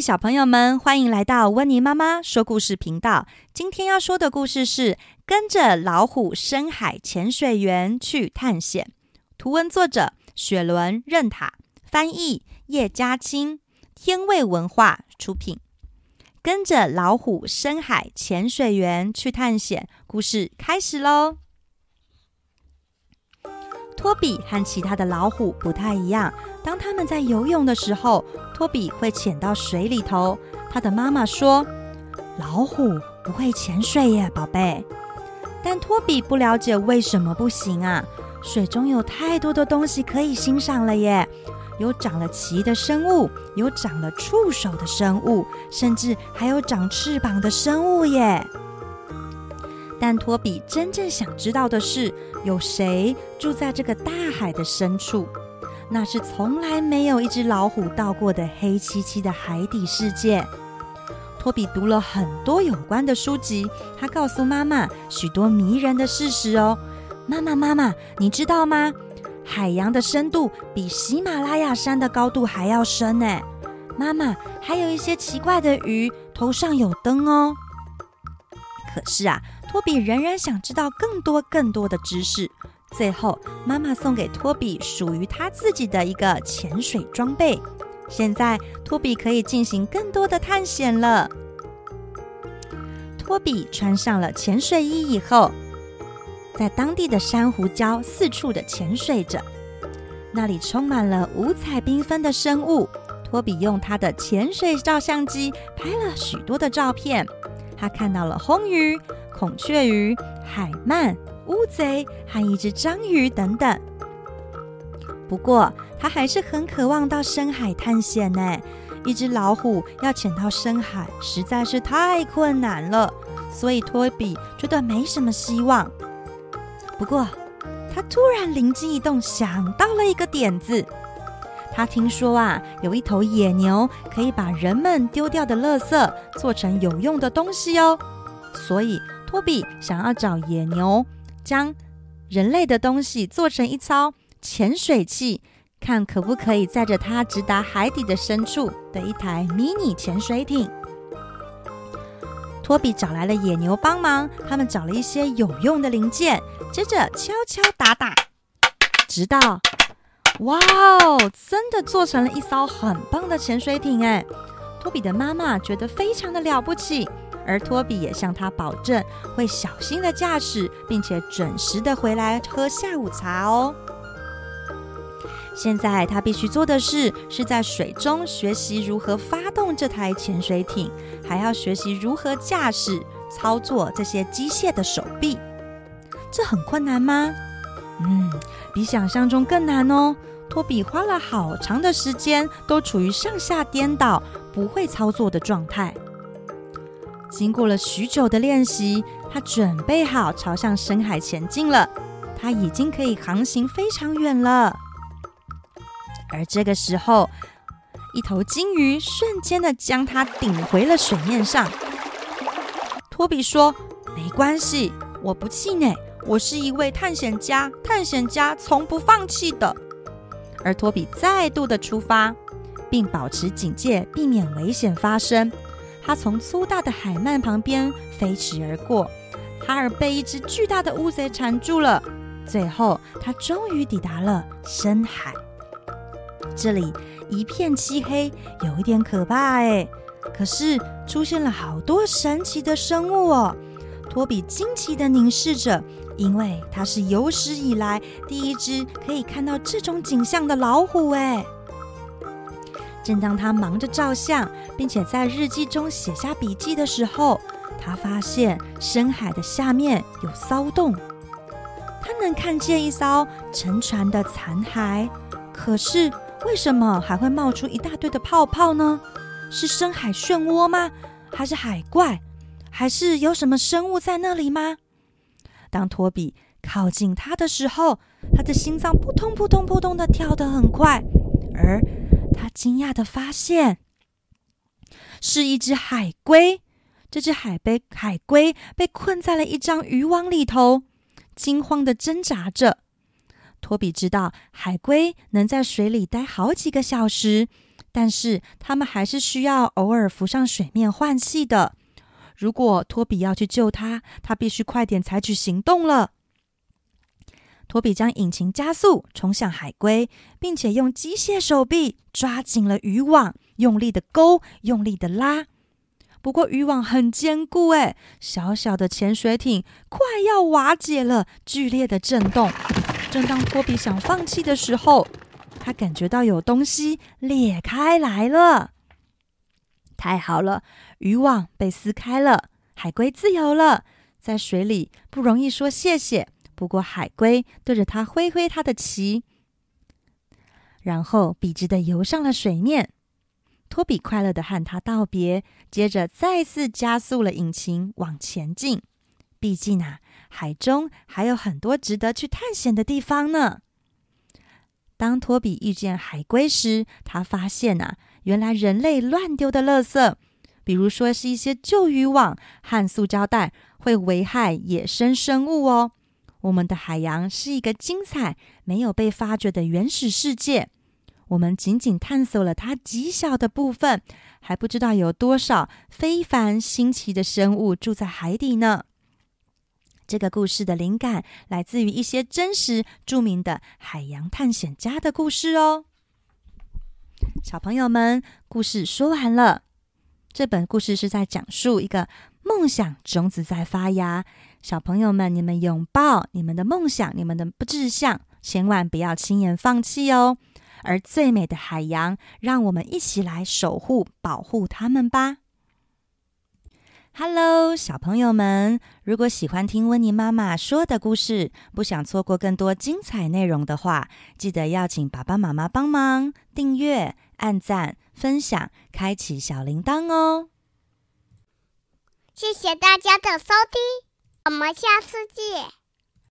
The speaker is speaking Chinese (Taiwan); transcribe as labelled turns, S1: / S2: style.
S1: 小朋友們，歡迎來到溫妮媽媽說故事頻道。今天要說的故事是《跟着老虎深海潛水員去探險》。圖文作者：雪倫任塔，翻譯：葉嘉青，天衛文化出品。跟着老虎深海潛水員去探險，故事開始嘍！托比和其他的老虎不太一樣，當他們在游泳的時候，托比會潛到水裡頭。他的媽媽說：“老虎不會潛水耶，寶貝。”但托比不了解為什麼不行啊？水中有太多的東西可以欣賞了耶，有長了鰭的生物，有長了觸手的生物，甚至還有長翅膀的生物耶。但托比真正想知道的是，有誰住在這個大海的深處？那是從來沒有一隻老虎到過的黑漆漆的海底世界。托比讀了很多有關的書籍，他告訴媽媽許多迷人的事實哦。媽媽，媽媽，你知道嗎？海洋的深度比喜馬拉雅山的高度還要深呢。媽媽，還有一些奇怪的魚，頭上有燈哦。可是啊，托比仍然想知道更多更多的知識。最後，媽媽送給托比屬於他自己的一個潛水裝備。現在，托比可以進行更多的探險了。托比穿上了潛水衣以後，在當地的珊瑚礁四處的潛水着，那裡充滿了五彩繽紛的生物。托比用他的潛水照相機拍了許多的照片。他看到了紅魚。孔雀魚、海鰻、烏賊和一隻章魚等等。不過，他還是很渴望到深海探險呢。一隻老虎要潛到深海實在是太困難了，所以托比覺得沒什麼希望。不過，他突然靈機一動，想到了一個點子。他聽說啊，有一頭野牛可以把人們丟掉的垃圾做成有用的東西哦。所以，托比想要找野牛，將人類的東西做成一艘潛水器，看可不可以載着它直達海底的深處的一台迷你潛水艇。托比找來了野牛幫忙，他們找了一些有用的零件，接着敲敲打打，直到，哇哦，真的做成了一艘很棒的潛水艇！哎，托比的媽媽覺得非常的了不起。而托比也向他保證會小心的駕駛，並且準時的回來喝下午茶哦。現在他必須做的事是，是在水中學習如何發動這台潛水艇，還要學習如何駕駛操作這些機械的手臂。這很困難嗎？嗯，比想象中更難哦。托比花了好長的時間，都處於上下顛倒、不會操作的狀態。經過了許久的練習，他準備好朝向深海前進了。他已經可以航行非常遠了。而這個時候，一頭鯨魚瞬間的將它頂回了水面上。托比說：“沒關係，我不氣餒，我是一位探險家，探險家從不放棄的。”而托比再度的出發，並保持警戒，避免危險發生。他從粗大的海鰻旁邊飛馳而過，哈爾被一隻巨大的烏賊纏住了。最後，他終於抵達了深海，這裡一片漆黑，有一點可怕誒。可是出現了好多神奇的生物哦，托比驚奇地凝視着，因為他是有史以來第一隻可以看到這種景象的老虎誒。正當他忙着照相，並且在日記中寫下筆記的時候，他發現深海的下面有騷動。他能看見一艘沉船的殘骸，可是為什麼還會冒出一大堆的泡泡呢？是深海漩渦嗎？還是海怪？還是有什麼生物在那裡嗎？當托比靠近他的時候，他的心臟撲通撲通撲通地跳得很快，而。他驚訝的發現，是一隻海龜。這隻海龜，海龜被困在了一張漁網裡頭，驚慌的掙扎着。托比知道海龜能在水裡待好幾個小時，但是它們還是需要偶爾浮上水面換氣的。如果托比要去救他，他必須快點採取行動了。托比將引擎加速，衝向海龜，並且用機械手臂抓緊了漁網，用力的勾，用力的拉。不過漁網很堅固，哎，小小的潛水艇快要瓦解了，劇烈的震動。正當托比想放棄的時候，他感覺到有東西裂開來了。太好了，漁網被撕開了，海龜自由了。在水裡不容易說謝謝。不過，海龜對着它揮揮它的鰭，然後筆直的游上了水面。托比快樂的和他道別，接着再次加速了引擎往前進。畢竟吶、啊，海中還有很多值得去探險的地方呢。當托比遇見海龜時，他發現吶、啊，原來人類亂丟的垃圾，比如說是一些舊漁網和塑膠袋，會危害野生生物哦。我們的海洋是一個精彩、沒有被發掘的原始世界。我們僅僅探索了它極小的部分，還不知道有多少非凡新奇的生物住在海底呢。這個故事的靈感來自於一些真實著名的海洋探險家的故事哦。小朋友們，故事說完了。這本故事是在講述一個夢想種子在發芽。小朋友們，你們擁抱你們的夢想，你們的志向，千萬不要輕言放棄哦。而最美的海洋，讓我們一起來守護、保護他們吧。Hello，小朋友們，如果喜歡聽溫妮媽媽說的故事，不想錯過更多精彩內容的話，記得要請爸爸媽媽幫忙訂閱、按讚、分享、開啟小鈴鐺哦。謝謝大家的收聽。我們下次見。